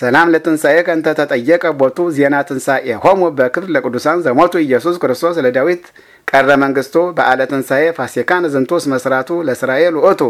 ሰላም ለትንሣኤ ከእንተ ተጠየቀ ቦቱ ዜና ትንሣኤ ሆሙ በክብር ለቅዱሳን ዘሞቱ ኢየሱስ ክርስቶስ ለዳዊት ቀረ መንግስቱ በዓለ ትንሣኤ ፋሲካን ዝንቱስ መስራቱ ለእስራኤል ውእቱ